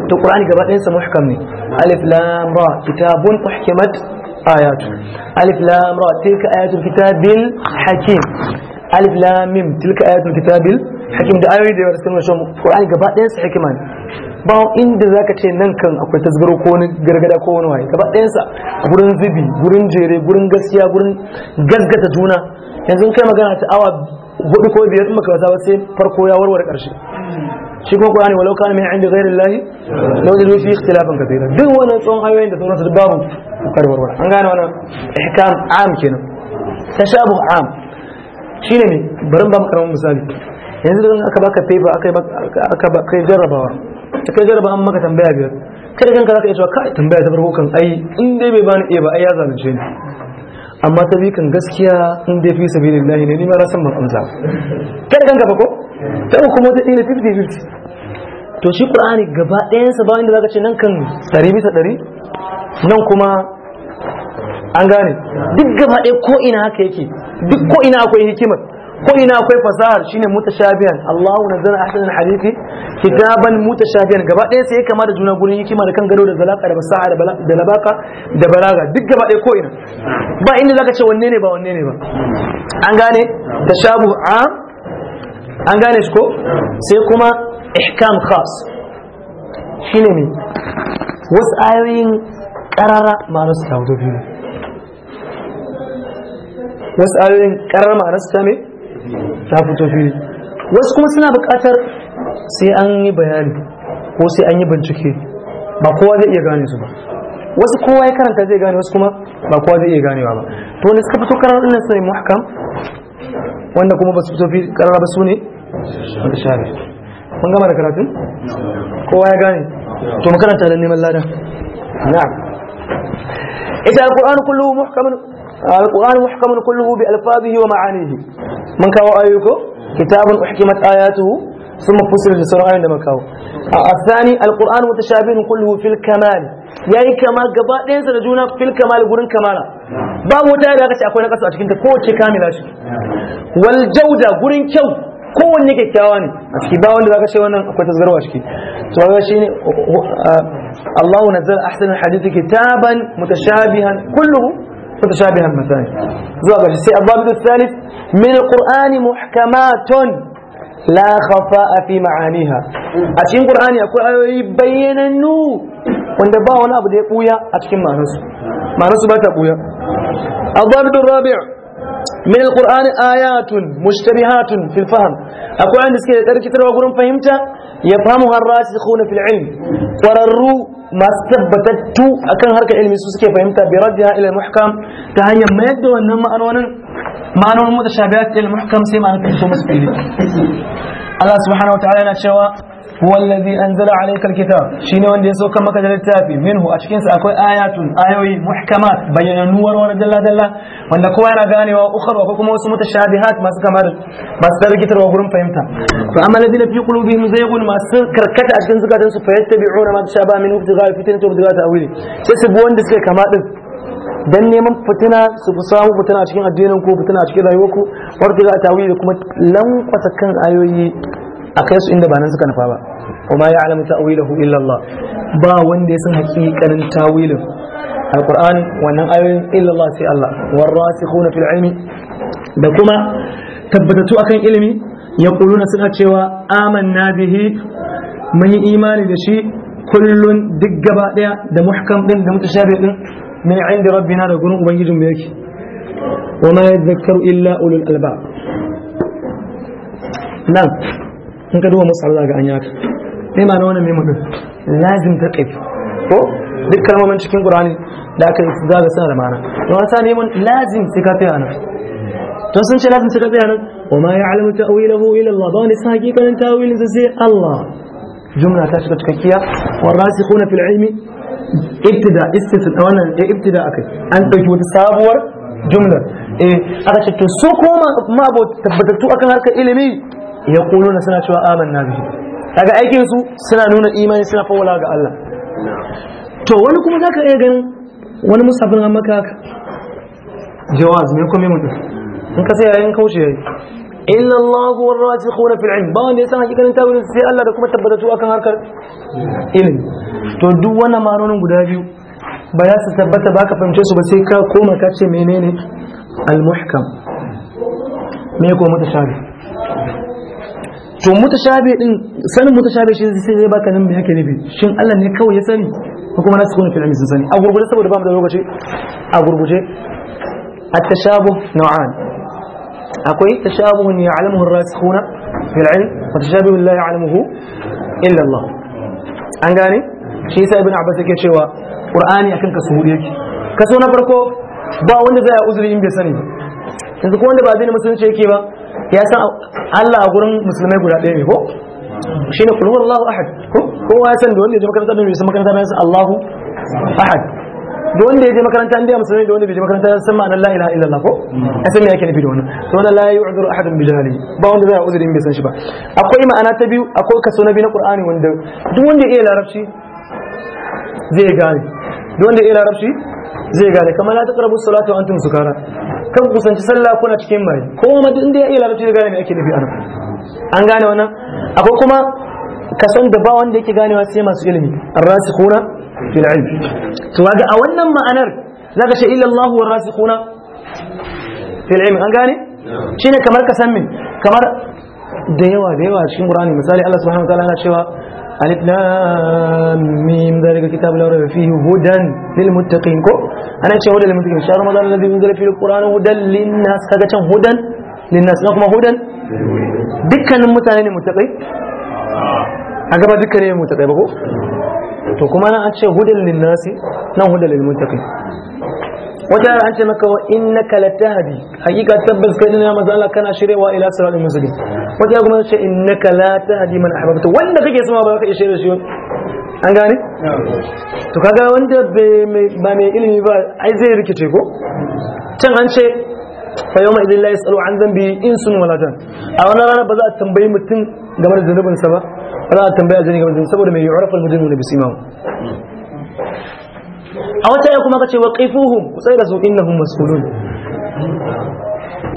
to qur'ani gaba ɗayan sa muhkam ne alif lam ra kitabun uhkimat ayatu alif lam ra tilka ayatul kitabil hakim alif lam mim tilka ayatul kitabil hakim da ayoyi da yawa sun shi qur'ani gaba ɗayan sa hikima ne ba inda zaka ce nan kan akwai tasgaro ko wani gargada ko wani waye gaba ɗayan sa gurin zubi gurin jere gurin gaskiya gurin gaskata juna yanzu kai magana ta awa hudu ko biyar maka wata ba sai farko ya warware karshe shi ko qur'ani walau kana min inda ghairi llahi law jadu fi ikhtilafan kathira duk wannan tsawon ayoyin da sauransu babu kar warware an gane wannan ihkam am kenan tashabuh am shine ne bari ba maka misali yanzu da aka baka paper aka aka kai jarrabawa kai jarraba an maka tambaya biyar kada kanka zaka iya cewa kai tambaya ta farko kan ai in dai bai bani eh ba ai ya zalunce ni amma ta bi kan gaskiya in dai fi sabilillahi ne ni ma rasan ban amsa kada kan gaba ko ta uku kuma ta ɗaya 50 to shi qur'ani gaba ɗayansa ba inda zaka ce nan kan ɗari bisa ɗari nan kuma an gane duk gaba ɗaya ko ina haka yake duk ko ina akwai hikimar ko ina akwai fasahar shine mutashabihan Allahu nazzala ahsanal hadithi kitaban mutashabihan gaba ɗaya sai kama da juna gurin hikima da kan gado da zalaka da fasaha da labaka da balaga duk gaba ɗaya ko ina ba inda zaka ce wanne ne ba wanne ne ba an gane tashabu a an gane shi ko sai kuma ihkam khas shine ne wasu ayoyin karara ma'ana su ta biyu wasu ayoyin karara ma'ana su ta ta fito fili wasu kuma suna buƙatar sai an yi bayani ko sai an yi bincike ba kowa zai iya gane su ba wasu kowa ya karanta zai gane wasu kuma ba kowa zai iya ganewa ba to wanda suka fito karar ɗin su ne wanda kuma ba su fito karar ba su ne wanda share mun gama da karatun kowa ya gane to makaranta da neman lada na'am ita alqur'anu kullu muhkamun القرآن محكم كله بألفاظه ومعانيه من كاو آيوكو كتاب أحكمت آياته ثم فصلت لسورة آيان من كاو الثاني القرآن متشابه كله في الكمال yayi kama gaba ɗayansa da juna fil kamal gurin kamala Ba wata yadda aka ce akwai na kasu a cikin ta kowace kamila shi wal jauda gurin kyau kowanne kyakkyawa ne a ciki ba wanda zaka ce wannan akwai tasgarwa ciki to ga shine Allahu nazzal ahsanal hadithi kitaban mutashabihan kulluhu متشابها المثاني ضابط الشيء الضابط الثالث من القرآن محكمات لا خفاء في معانيها أتين القرآن يقول أيوة، يبين النو wanda ba wani abu da ya buya a cikin ma'anarsu ma'anarsu ba الضابط الرابع من القرآن آيات مشتبهات في الفهم أقول عندك كده تركي ترى وقرن فهمت يفهمها الراسخون في العلم ورروا masu tabbatattu akan harkar ilimi su suke fahimta bi raddiha ila muhkam ta hanyar mayar da wannan ma'anonin ma'anonin mutashabihat ila muhkam sai ma'anar ta fito musu fili Allah subhanahu wa ta'ala yana cewa huwa allazi anzala alayka alkitab shine wanda ya saukar maka da littafi minhu a cikin sa akwai ayatun ayoyi muhkamat bayananu warwar dalla dalla wanda kowa yana ganewa ukhra ko kuma wasu mutashabihat masu kamar masu tarkitarwa gurin fahimta to amma ladina fi qulubihim zaygun masu karkata a cikin zukatan su fayattabi'una ma min tashabaha minhu ibtigha'a fitnatu ibtigha'a ta'wili sai su bi wanda suke kama din dan neman fitina su samu fitina a cikin addinin ko fitina a cikin rayuwar ku wartiga ta'wili kuma lankwasa kan ayoyi a kai su inda ba nan suka nufa ba kuma ya alamu ta'wilahu illa Allah ba wanda ya san haƙiƙanin tawilin alquran wannan ayoyin illa Allah sai Allah rasikhuna fil ilmi da kuma tabbatatu akan ilimi yaquluna suna cewa amanna bihi mun yi imani da shi kullun duk gaba daya da muhkam din da mutashabi din min inda rabbina da gurin ubangijin mu yake ma يذكر illa ulul albab nan انك دوما مصعب ذاك انياك ايما نوانا ميمون لازم تقف او ذكر ما منش كين قراني لكن ذاك سهل معنا وانسا نيمون لازم تكافي انا تنسون شي لازم تكافي انا وما يعلم تأويله الى الله بان ساقي فلن تأويل زي الله جملة تاشكة تكاكية والراسخون في العلم ابتداء استثن او انا ابتداء اكد انت جود سابور جملة ايه اغشتو سوكو ما ابو تبتتو اكن هالك الى مي ya na suna cewa na biyu, daga aikinsu suna nuna imani suna fawola ga Allah to wani kuma za ka iya ganin wani musafin an maka jawaz ne kuma mutu in ka sai yayin kauce yayi inna Allah war rasikhun fil ilm ba wanda ya san hakikanin tawilin sai Allah da kuma tabbatatu akan harkar ilin, to duk wannan ma'anonin guda biyu ba za su tabbata ba ka fahimce su ba sai ka koma ka ce menene al-muhkam me ko mutashabi to mutashabi din sanin mutashabi shi sai zai baka nan me yake nufi shin Allah ne kawai ya sani ko kuma nasu kuna filamin sun sani a gurguje saboda ba mu da lokaci a gurguje at-tashabuh naw'an akwai tashabuhun ya'lamuhu ar-rasikhuna fil 'ilm wa tashabuhun la ya'lamuhu illa Allah an gane shi yasa ibn Abbas yake cewa Qur'ani akan kasu hudu yake kaso na farko ba wanda zai uzuri in bai sani yanzu ko wanda ba zai musulunci yake ba ya san Allah a gurin musulmai guda ɗaya ne ko shine Allah huwallahu ahad ko kowa ya san da wanda ya je makaranta da bai san makaranta ba ya san Allahu ahad da wanda ya je makaranta inda musulmai da wanda bai je makaranta ya san ma'anar la ilaha illallah ko ya san me yake nufi da wannan to wannan la yu'dharu ahadun bi jahlihi ba wanda zai a in bai san shi ba akwai ma'ana ta biyu akwai kaso na biyu na Qur'ani wanda duk wanda ya iya larabci zai gane duk wanda ya iya larabci zai gane kamar la taqrabu salata wa antum sukara kan kusanci sallah kuna cikin mai ko ma duk inda ya iya larabci gane me ake nufi a an gane wannan akwai kuma san da ba wanda yake ganewa sai masu ilimi ar-rasikhuna fil ilm to ga a wannan ma'anar zaka ce illa Allah wa rasikhuna fil ilm an gane shine kamar ka san min kamar da yawa da yawa cikin Qur'ani misali Allah subhanahu wa ta'ala yana cewa alif lam mim zalika kitabul la rayba fihi hudan lil muttaqin ko ana cewa hudan lil muttaqin shahr ramadan alladhi unzila fihi alquran hudan lin nas kaga can hudan lin nas na kuma hudan dukkanin mutane ne muttaqai a gaba dukkanin ne muttaqai ba ko to kuma nan an ce hudan lin nas nan hudan lil muttaqin wata yara an ce maka wa kalata hadi hakika tabbas kai dinna manzo Allah kana shirewa ila siratal mustaqim wata yara kuma ce innaka latahdi man ahbabta wanda kake so ba ka ishe da shi an gane to kaga wanda ba mai ilimi ba ai zai rikice ko can an ce fa yawma idin la yasalu an dhanbi insun wala jan a wannan rana ba za a tambayi mutum game da zanubinsa ba ba za a tambaya jini game saboda mai yu'rafu al-mujrimu bi simahu a wata ya kuma ka ce wa qifuhum ku da su innahum mas'ulun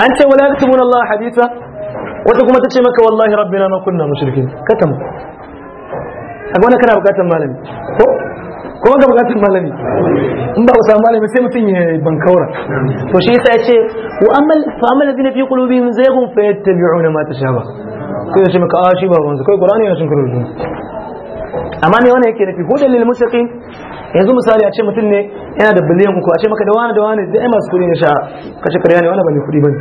an ce wala yaktumuna Allah haditha wata kuma ta ce maka wallahi rabbina ma kunna mushrikin katam a gwana kana bukatar malami ko kuma ga bukatar malami in ba ku samu malami sai mutum ya bankaura to shi yasa ya ce wa amal fa amal ladina fi qulubihim zaygun yattabi'una ma tashaba ko ya ce maka a ah, shi ba wanzu kai qur'ani ya shin karo amma me wannan yake nufi hudan lil muttaqin yanzu misali a ce mutum ne yana da biliyan uku a ce maka da wani da wani da ai masu kuɗi ne sha ka ce karya ne wani ba mai kuɗi bane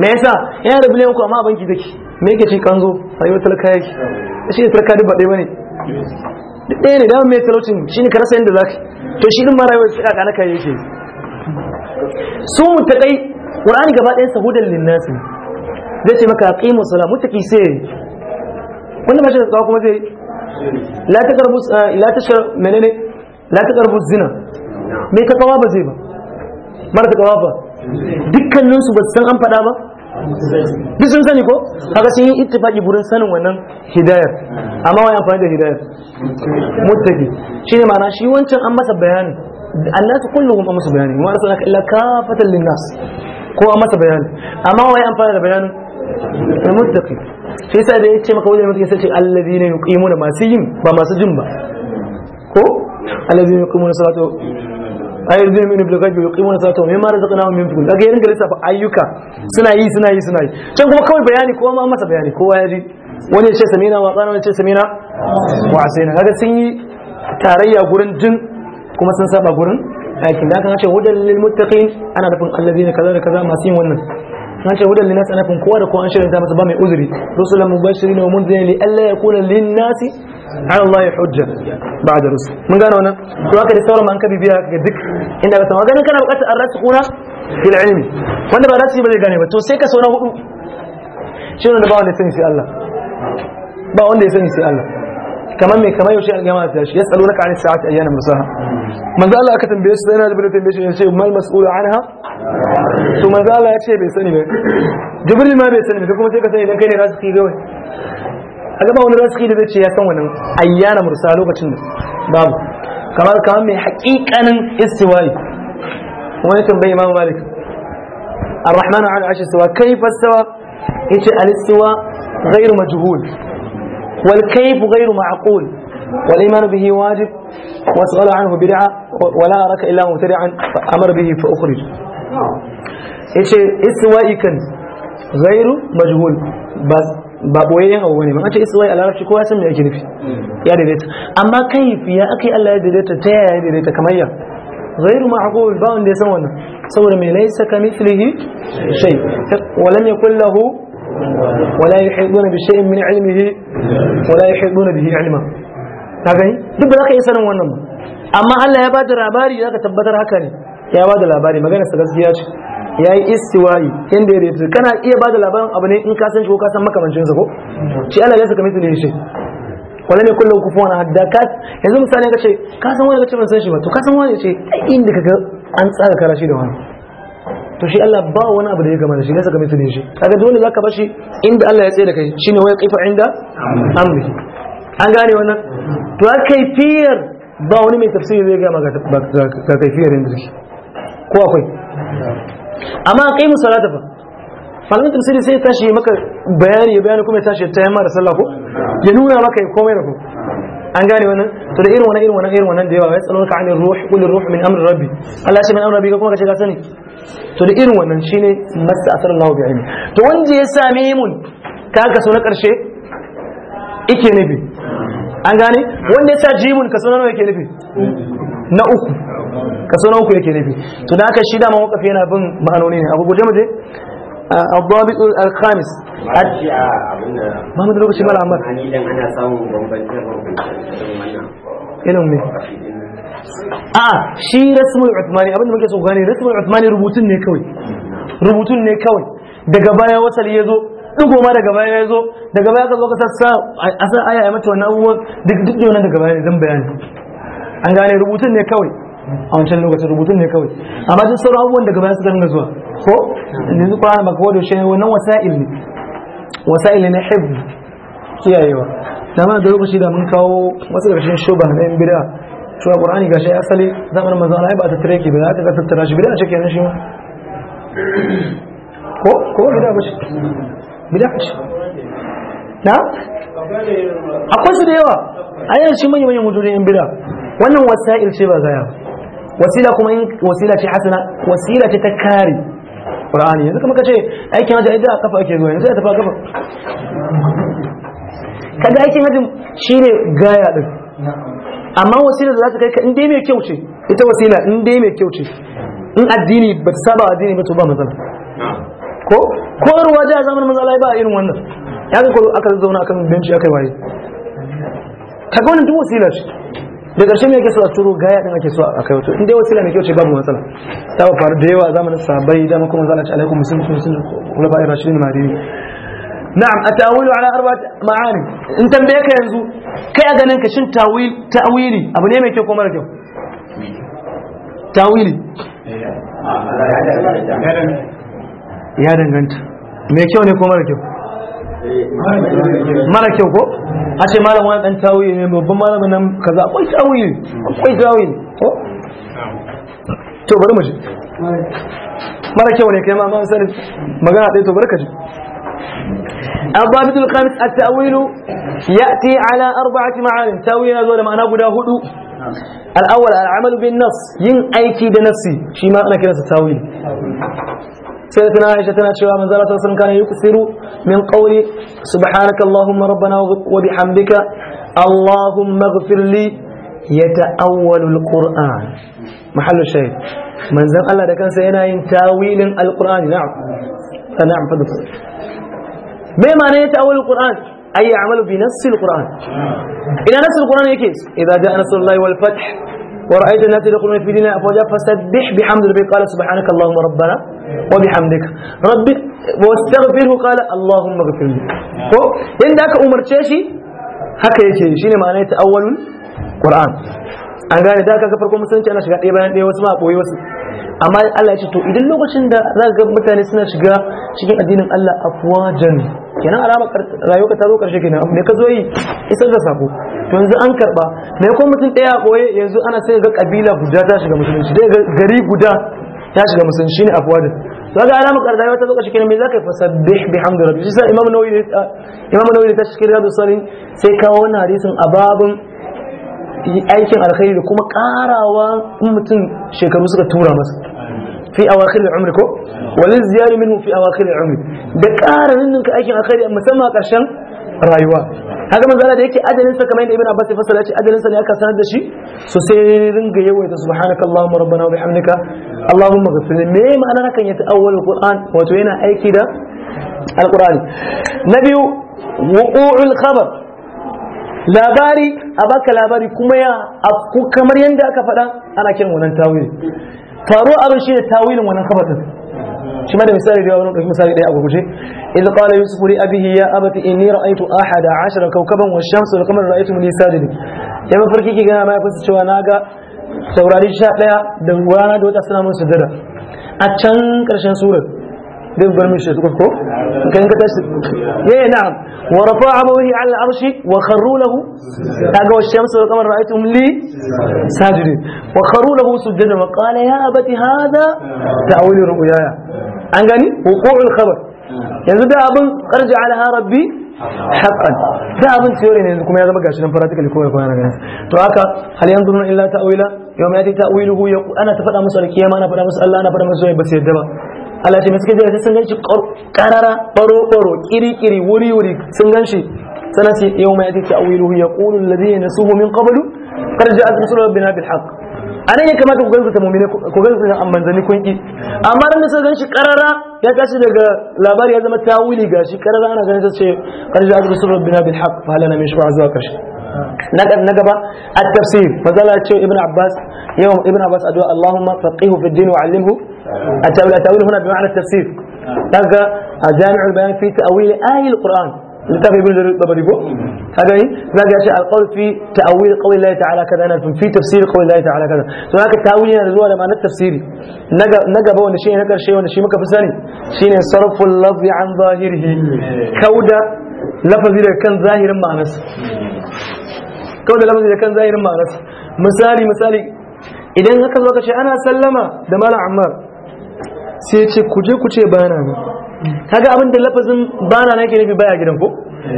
me yasa yana da biliyan uku amma a banki zaki me yake ce kanzo rayuwar talaka yake shi ne talaka duk ba ɗaya bane duk ɗaya ne da mai talaucin shi ne ka rasa yadda zaka to shi din ma rayuwar tsaka kana kai yake su mutaqai qur'ani gaba ɗayan hudan lin nas zai ce maka aqimu salat mutaqi sai wanda mace da kuma zai la taqrabu ah, la tashkar zina me ka kawa ba zai ba mara ta kawa ba dukkanin su ba san an fada ba duk sun sani ko haka sun yi faɗi burin sanin wannan hidayar amma wani amfani da hidayar muttaki shine ma'ana shi wancan an masa bayani Allah ta kullum an masa bayani wa rasulaka illa kafatan linnas ko an masa bayani amma wani amfani da bayanin muttaki sai sai da ya ce maka wajen mutum sai ce allazi ne yuqimuna masu yin ba masu jin ba ko allazi ne yuqimuna salatu ay yuzu min bil salatu mai mara zaka mimma razaqnahum yunfiqun daga yin ga ba ayyuka suna yi suna yi suna yi can kuma kawai bayani ko ma masa bayani kowa ya ji wani ya ce samina wa qana wani ce samina wa asaina kaga sun yi tarayya gurin jin kuma sun saba gurin aikin da aka ce wajen lil muttaqin ana nufin ne kaza da kaza masu yin wannan an ce hudun linnas ana kowa da kowa an ta masa ba mai uzuri mubashiri ne wa munzirin ne alla ya kula nasi ala Allah ya hujja ba'da rusul mun gane wannan to haka da sauran an ka bibiya ga duk inda ka sama ganin kana bukatar kuna fil ilmi wanda ba rasu ba zai gane ba to sai ka sauna hudu shi ne da ba wanda ya sani sai Allah ba wanda ya sani sai Allah kamar me kamar yaushe alƙiyama ta shi yasalunaka an sa'ati ayyana musaha manzo Allah aka tambaye su yana da bin tambaye shi yace mal mas'ulu anha to manzo Allah ya ce bai sani ba jibril ma bai sani ba kuma sai ka sani idan kai ne rasiki gawai a gaba wani rasiki da zai ce ya san wannan ayyana mursa lokacin babu kamar kamar mai haƙiƙanin istiwa'i wani tambayi imam malik الرحمن على العرش استوى كيف استوى؟ يجي الاستواء غير مجهول والكيف غير معقول والإيمان به واجب واسأل عنه بدعة ولا أراك إلا مبتدعا فأمر به فأخرج إيش إسوائي كنز غير مجهول بس ba boyayyen abu bane an ce iswai a larabci kowa san me ake nufi ya daidaita amma kayfi ya akai Allah ya daidaita ta yaya ya daidaita kamar ya ghairu ma'qul ba wanda ya san wannan ولا يحيطون بشيء من علمه ولا يحيطون به bihi ilma ka duk da za yi sanin wannan amma Allah ya bada labari zaka tabbatar haka ne ya bada labari magana sa gaskiya ce yayi istiwai inda ya daidaitu kana iya bada labarin abu ne in ka san shi ko ka san makamancin sa ko shi Allah ya saka mutum ne shi wala ne kullum ku fona hadda ka yanzu misali ka ce ka san wani ka ce ban san shi ba to ka san wani ce inda kaga an tsara karashi da wani to shi Allah ba wani abu da ya gama da shi ne saka misalin shi kaga dole zaka bashi inda Allah ya tsaye da kai shine waya kaifa inda amri an gane wannan to a fiyar ba wani mai tafsiri zai gama ga fiyar inda shi ko akwai amma kai musalata fa falmin tafsiri sai ya tashi maka bayani ya bayani kuma ya tashi ta yamma da sallah ko ya nuna maka ya komai da ku an gane wannan to da irin wannan irin wannan irin wannan da yawa ya tsalonka anir ruh qul ruh min amri rabbi Allah shi min amri rabbi kuma ce ka sani to da irin wannan shine masa asar Allah bi ilmi to wanda ya same mun ka kaso na karshe yake nabi an gane wanda ya sa jimun kaso na nawa yake nabi na uku kaso na uku yake nabi to da haka shi da ma wakafi yana bin ma'anoni ne abu guje mu je الضابط الخامس ما مدرك شمال عمر ilin ne a shi rasmul uthmani abinda muke so gane rasmul uthmani rubutun ne kawai rubutun ne kawai daga baya wasal ya zo dugo ma daga baya ya zo daga baya ka zo ka sassa a san aya ya mata wannan abubuwan duk duk wannan daga baya zan bayani an gane rubutun ne kawai a wancan lokacin rubutun ne kawai amma duk sauran abubuwan daga baya suka dinga zuwa ko yanzu qur'ani ba kawai da shi wannan wasa'il ne wasa'il ne hifz kiyayewa da da lokaci da mun kawo wasu ƙarshen shuba na yan bid'a cewa ga shi asali zamanin manzo Allah ba ta tare ki ba za ta tattara shi bid'a ce kenan shi ma ko ko bid'a ba shi bid'a shi? na akwai su da yawa ayan shi manyan manyan mutum yan bid'a wannan wasa'il ce ba zaya wasila kuma in wasila ce hasana wasila ce ta kare qur'ani yanzu kuma kace aikin haji ai da kafa ake zuwa yanzu ya tafi kafa kaga aikin haji shine gaya din amma wasila da za ta kai ka in dai mai kyau ce ita wasila in dai mai kyau ce in addini ba ta saba addini ba to ba matsala ko ko ruwa da zamanin matsala ba irin wannan ya ga ko aka zauna akan benci akai waye kaga wannan duk wasila ce da ƙarshe me yake so a turo gaya din ake so a kai wato inda wasila mai kyau ce babu matsala ta faru da yawa zamanin sabai da kuma zalace alaikum muslimin sun sun kula ba'ir rashidin madini na'am a tawilu ala arba ma'ani in tambaye ka yanzu kai a ganin ka shin tawili abu ne mai kyau ko mara kyau ya danganta mai kyau ne ko mara kyau mara kyau ko a ce malam wani dan tawili ne babban malam nan kaza akwai tawili akwai tawili ko to bari mu ji mara kyau ne kai ma ma sanin magana dai to bari ji الضابط الخامس التأويل يأتي على أربعة معاني تأويل هذول معناه قد هدو الأول العمل بالنص ين أيكي بنفسي شيء ما أنا كده التأويل سيدتنا عائشة تناشوا من ذلك صلى كان يكثر من قول سبحانك اللهم ربنا وبحمدك اللهم اغفر لي يتأول القرآن محل الشيء من ذلك الله ده كان سينا تأويل القرآن نعم نعم فضل ما معناه تأول القرآن أي عمل بنص القرآن إن آه. نص القرآن يكيس إذا جاء نصر الله والفتح ورأيت الناس يدخلون في دين أفواجا فسبح بحمد ربك قال سبحانك اللهم ربنا وبحمدك ربي واستغفره قال اللهم اغفر لي آه. عندك أمر تشيشي هكا يشيشي ما معناه تأول القرآن an gane da aka kafar kuma sun ci ana shiga ɗaya bayan ɗaya wasu ma koyi wasu amma Allah ya ce to idan lokacin da za ka kenan alama rayuwa ta zo karshe kenan ne ka zo yi isar da sako to yanzu an karba me kuma mutum daya a koye yanzu ana sai ga kabila guda ta shiga musulunci dai ga gari guda ta shiga musulunci shine afwadin to ga alama rayuwa ta zo karshe kenan me zaka fasabbih bihamdi rabbi shi sai imam nawawi imam nawawi ta cikin da sani sai kawo wannan hadisin ababun aikin alkhairi kuma karawa mutum shekaru suka tura masa fi awakhir al-umr ko walin ziyari minhu fi awakhir al-umr da ƙaranin ninka aikin alkhairi musamman a ƙarshen rayuwa haka manzo Allah da yake ajalin sa kamar yadda Ibn Abbas ya fassara shi ajalin ne aka sanar da shi so sai ringa yawaita subhanaka allahumma rabbana wa bihamdika allahumma ghfirli me ma'anar hakan ya ta'awwal al wato yana aiki da al-Qur'ani na biyu wuqu'ul khabar labari a baka labari kuma ya afku kamar yadda aka faɗa ana kiran wannan tawili faru abin shi ne tawilin wannan kabatin shi ma da misali da wani ƙarfi misali ɗaya a gurguje idan ƙwale yusu furi abihi ya abata in nira aitu aha da ashira kaukaban wa shamsu da kamar ra'aitu mu nisa da ne ya mafarki ki gana ma ya fasa cewa na ga saurari sha ɗaya da rana da wata suna mun sujjada a can ƙarshen surat. zai bar mishi su ko kan ka tashi eh na'am wa rafa'a abawahi 'ala al-arshi wa kharru lahu kaga wa shamsu wal qamara ra'aytum li wa kharru lahu sujadan wa qala ya abati hadha ta'wilu ru'yaya an gani wuqu'ul khabar yanzu da abin karja alaha rabbi haqqan da abin theory ne kuma ya zama gashi nan practically kowa ya fara ganin to haka hal yanzuruna illa ta'wila yawma yati ta'wiluhu ana ta faɗa musu alkiyama ana faɗa musu Allah ana faɗa musu ba su yadda ba Allah ce suka jira sun ganshi karara baro baro kiri kiri wuri wuri sun ganshi sana ce yau ma yake ta'wiluhu yaqulu alladhina nasuhu min qablu qad ja'at rusulu rabbina bil haqq anan ya kamata ku gaskata mu'mini ku gaskata an manzani kun ki amma ran da suka ganshi karara ya tashi daga labari ya zama tawili gashi karara ana ganin ta ce qad ja'at rusulu rabbina bil haqq fa lana min shufa'a zuwa karshe na gaba at tafsir fazala ce ibn abbas yau ibn abbas addu'a allahumma faqihu fid din wa 'allimhu التأويل التأويل هنا بمعنى التفسير هذا آه. جامع البيان في تأويل آي القرآن لتفهم يقول بابريبو هذا ايه هناك يا شيخ القول في تأويل قول الله تعالى كذا انا في تفسير قول الله تعالى كذا هناك التأويل هنا لزوا لما التفسيري نجا نجا بو نشي نكر شيء ونشي مكا فساني شين صرف اللفظ عن ظاهره كودا لفظ إذا كان ظاهرا معنس كودا لفظ إذا كان ظاهرا معنس مثالي مثالي إذا هكذا وقت أنا سلمة ده مال عمار sai ce ku je ku ce bana na kaga abin da lafazin bana na yake nufi baya gidan ko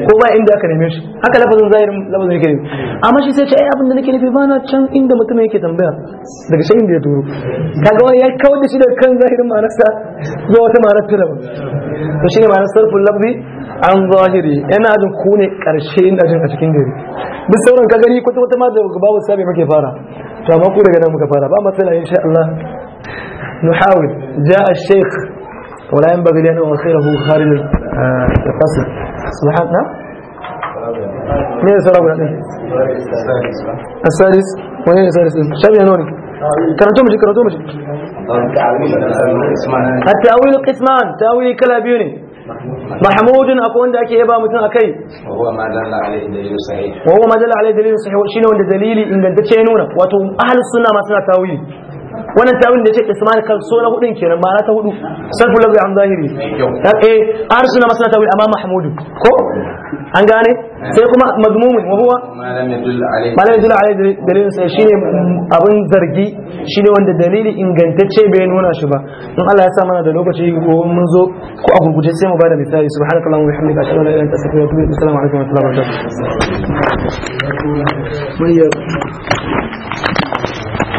ko ba inda aka neme shi haka lafazin zahirin lafazin yake nufi amma shi sai ce ai abin da nake nufi bana can inda mutum yake tambaya daga shi inda ya turo kaga wani ya kawo da shi daga kan zahirin ma'anarsa zuwa wata ma'anar ta daban to shine ma'anar sarfin lafzi an zahiri yana ajin ku ne karshe inda ajin a cikin gari duk sauran ka gani kwata wata ma da babu sabi muke fara to amma ku daga nan muka fara ba matsala insha Allah نحاول جاء الشيخ ولا ينبغي لأنه أخيره خارج القصر سبحانه مين سرابنا السادس وين السادس شاب ينوني كرتوم جي كرتوم التأويل القسمان تأويل كلابيوني محمود أكون ذاك يبا متن أكي وهو ما دل عليه دليل صحيح وهو ما دل عليه دليل صحيح وشنو عند دليلي عند دتشينونا وتو أهل السنة ما سنا تأويل wannan tawil da ce isma kan so na hudun kenan na ta hudu sarfu lafi an zahiri dan eh an suna masana tawil amma mahmud ko an gane sai kuma mazmumun wa huwa malam yadul alai dalilin sai shine abin zargi shine wanda dalili ingantacce bai nuna shi ba in Allah ya sa mana da lokaci gobe mun zo ko a gurguje sai mu bada misali subhanakallahu wa bihamdika ashhadu an la ilaha illa anta astaghfiruka wa atubu ilaik assalamu alaikum wa rahmatullahi wa barakatuh